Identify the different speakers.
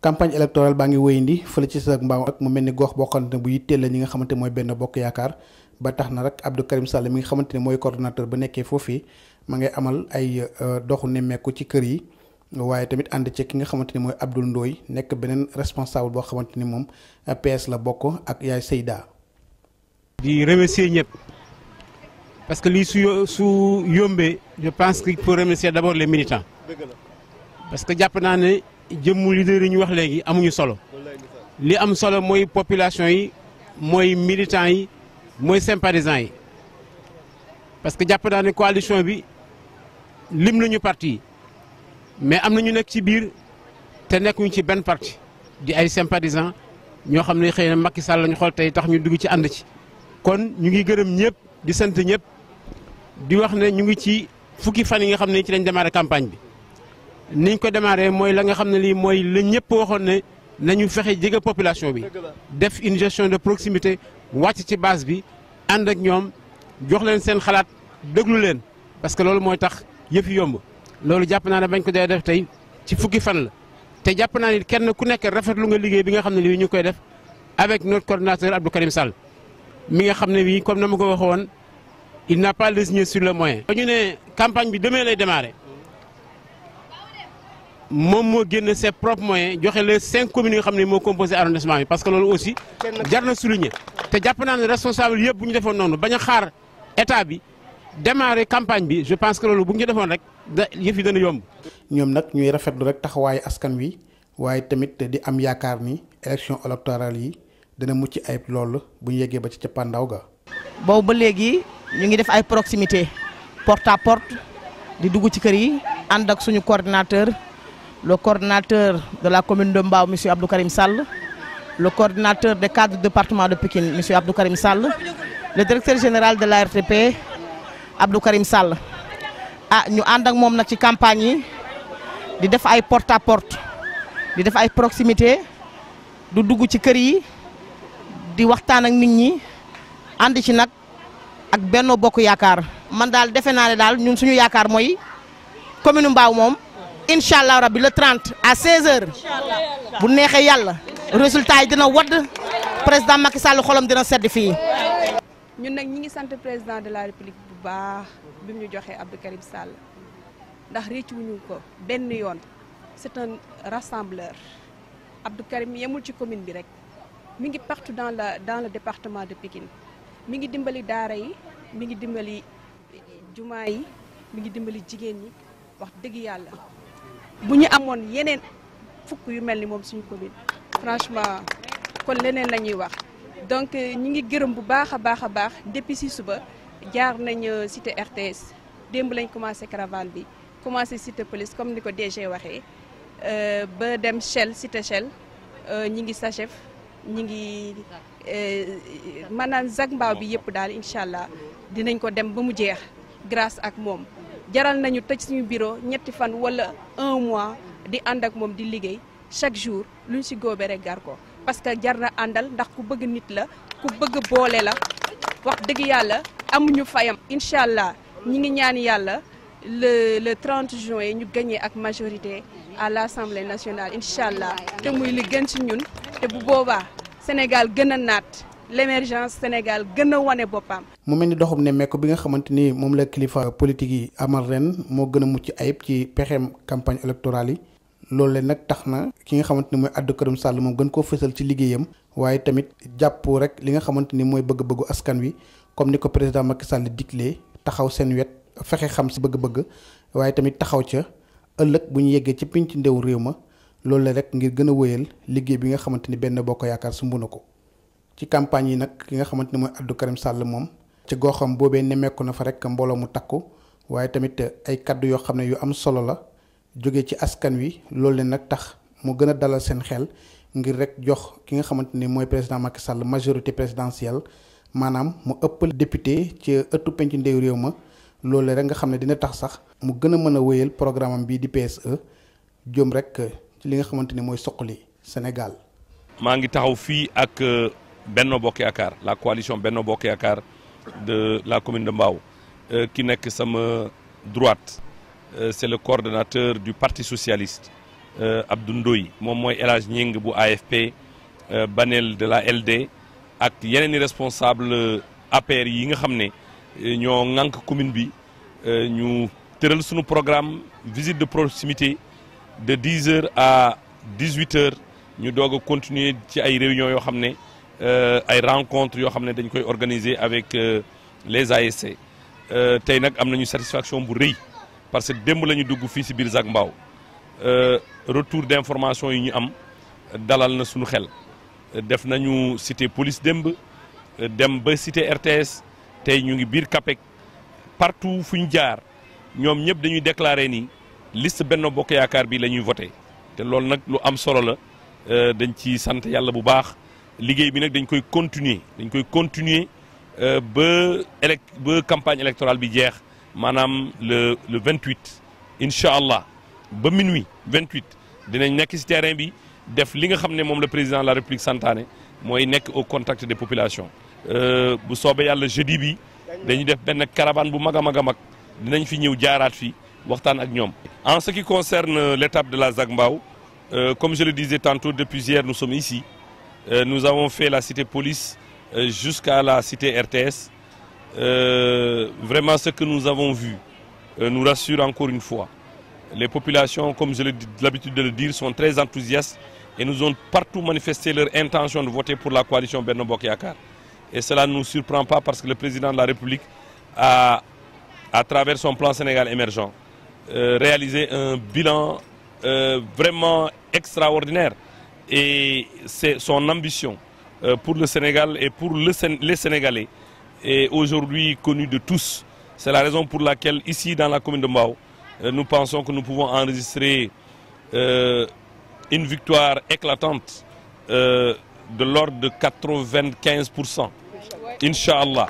Speaker 1: campagne électorale baa ngi wéyandi fële ci sa mbaaw mu mel ni gox boo xamante ne bu yitteel la nga xamante mooy benn bokk yaakaar ba tax na rek Abdou Karim Sall mi nga xamante ne mooy coordonnateur ba nekkee foofii ma ngay amal ay euh, doxu nemmeeku ci kër yi waaye tamit ànd ci ki nga xamante ni mooy Abdoul Ndoye nekk beneen responsable boo xamante ni moom euh, PS la bokk ak yaay Seyda. di remercier ñëpp parce que lii su su yombee je
Speaker 2: pense pour faut d d'abord les militants Je leader wax légui amuñu solo li am solo la population yi militants les sympathisants parce que dans la coalition bi lim parti mais ñu ci parti sympathisants Nous avons des Macky Sall lañu xol tay tax ñu dugg ci ci. kon ñu ngi ñëpp di ñëpp di wax campagne niñ ko démarré moy la nga xamné li moy la ñëpp nañu fexé population bi une gestion de proximité wacc ci base bi and ak ñom jox leen seen xalaat parce que lolu moy tax yëf yomb lolu japp Nous na bañ ko def ci fukki fan la te nous na ni kenn ku nekk lu nga avec notre coordinateur Abdou Karim Sall mi nga comme ko il n'a pas sur le moyen. campagne bi démarrer. moom moo génn ses propres moyens joxe les cinq commune yi xam ni moo composé arrondissement bi parce que loolu aussi jar na souligner te jàpp naa ne responsable yëpp bu ñu defoon noonu ba a xaar état bi démarrer campagne bi je pense que loolu bu ñu
Speaker 1: defoon rek da yëf yi dana yomb. ñoom nag ñuy rafetlu rek taxawaayu askan wi waaye tamit di am yaakaar ni élection électorale yi dana mucc ayib loolu bu ñu yeggee ba ci cappaandaw ga. boobu ba léegi ñu ngi def ay proximité porte di dugg ci kër yi ànd ak suñu coordinateur. le coordinateur de la commune de Mbao, M. Abdou Karim Sall, le coordinateur des cadres du département de Pékin, M. Abdou Karim Sall, le directeur général de la RTP, Abdou Karim Sall. ah ñu campagne yi di porte à porte di def ay proximité du dugg ci kër yi di waxtaan ak nit ñi commune Mbao Inch'Allah, le 30 à 16h vous bu neexee le résultat yi dina le président Macky Sall xolam dina sedd fii.
Speaker 3: ñun sommes ñi ngi président de la république bu baax bi mu ñu joxee Abdou Karim Sall ndax réccu ko benn c'est un rassembleur Abdou Karim yemul ci commune bi rek mi ngi partout dans la dans le département de Pikine mi ngi dimbali daara yi mi ngi dimbali jumaa yi mi ngi dimbali jigéen ñi wax dëgg yàlla. bu ñu amoon yeneen fukk yu mel ni moom suñ commune franchement kon leneen la ñuy wax donc ñi ngi gërëm bu baax a baax a baax depuis si suba jaar nañ euh, cité RTS démb lañ commencé caravane bi commencé site police comme ni ko DG waxee euh, ba dem Shell cité Shell euh, ñu ngi Sachef ñu ngi maanaam ZAC Mbao bi yëpp daal incha allah dinañ ko dem ba mu jeex grace ak moom. jaral nañu tëj suñu bureau ñetti fan wala un mois di and ak di chaque jour luñ ci gar parce que nous avons ndax ku bëgg nit la ku bëgg boole la wax dëgg amuñu fayam. ñaan le le 30 juin ñu gagné ak majorité à l'Assemblée nationale Inshallah, muy li ci ñun bu Sénégal l'émergence Sénégal gën a wane boppam.
Speaker 1: mu mel ni doxum ne mekk bi nga xamante ni moom la kilifa politique yi amal ren moo gën a mucc ayib ci pexeem campagne électorale yi loolu leen nag tax na ki nga xamante ni mooy Abdou Karim Sall moom gën koo fësal ci liggéeyam waaye tamit jàpp rek li nga xamante ni mooy bëgg-bëggu askan wi comme ni ko président Macky Sall diglee taxaw seen wet fexe xam si bëgg-bëgg waaye tamit taxaw ca ëllëg bu ñu yeggee ci pinc ndew réew ma loolu la rek ngir gën a wëyal liggéey bi xamante ni benn bokk yaakaar sumb na ko. ci campagne yi nag ki nga xamante ne mooy Abdou Karim Sall moom ci goxam boobee nemmeeku na fa rek mbooloo mu takku waaye tamit ay kaddu yoo xam ne yu am solo la jóge ci askan wi loolu leen nag tax mu gën a dalal seen xel ngir rek jox ki nga xamante ni mooy président Macky Sall majorité présidentielle maanaam mu ëpp député ci ëttu penc ndew réew ma loolu rek nga xam ne dina tax sax mu gën a mën a wéyal programme am bii di PSE jëm rek li nga xamante ni mooy soqali Sénégal.
Speaker 4: maa ngi taxaw fii ak. Euh, Benno Bokk la coalition Benno Bokk de la commune de Mbao euh, n'est que sa droite euh, c'est le coordonnateur du parti socialiste euh, Abdou Ndoye moi suis El bu AFP Banel de la LD et il responsable APR yi nga une ñoo ŋànk commune nous avons un suñu programme visite de proximité de 10 h à 18 h nous devons continuer à ay réunions euh, ay rencontres yo xamné dañ koy organiser avec euh, les ASC euh, tay nak amna ñu satisfaction bu reuy parce que demb lañu dugg fi ci bir biir Mbaw euh retour d'information yi ñu am dalal na suñu xel def nañu cité police demb dem ba cité RTS tay ñu ngi bir CAPEC partout fuñ jaar ñom ñëpp dañuy déclarer ni liste Benno Bokk yaakar bi lañuy voter Té lool nak lu am solo la dañ ci sant yalla bu baax liggéey bi nak dañ koy continuer dañ koy continuer euh, ba campagne électorale bi jeex manam le le 28 inshallah ba minuit 28 dinañ nek ci terrain bi def li nga xamné mom le président de la république santaane moy nek au contact des populations. Euh, bu soobee yalla jeudi bi dañu def ben caravane bu maga maga mag a dinañ fi ñew jaarat fi ak en ce qui concerne euh, l'étape de la Zac comme je le disais tantôt depuis hier nous sommes ici. Euh, nous avons fait la cité police euh, jusqu'à la cité RTS. Euh, vraiment, ce que nous avons vu nous rassure encore une fois. Les populations, comme j'ai l'habitude de le dire, sont très enthousiastes et nous ont partout manifesté leur intention de voter pour la coalition Bernard yakar Et cela ne nous surprend pas parce que le président de la République a, à travers son plan Sénégal émergent, réalisé un bilan vraiment extraordinaire et c'est son ambition euh, pour le Sénégal et pour les Sénégalais est aujourd'hui connue de tous. C'est la raison pour laquelle ici dans la commune de Mbao, euh, nous pensons que nous pouvons enregistrer euh, une victoire éclatante de l'ordre de 95%. Inch'Allah.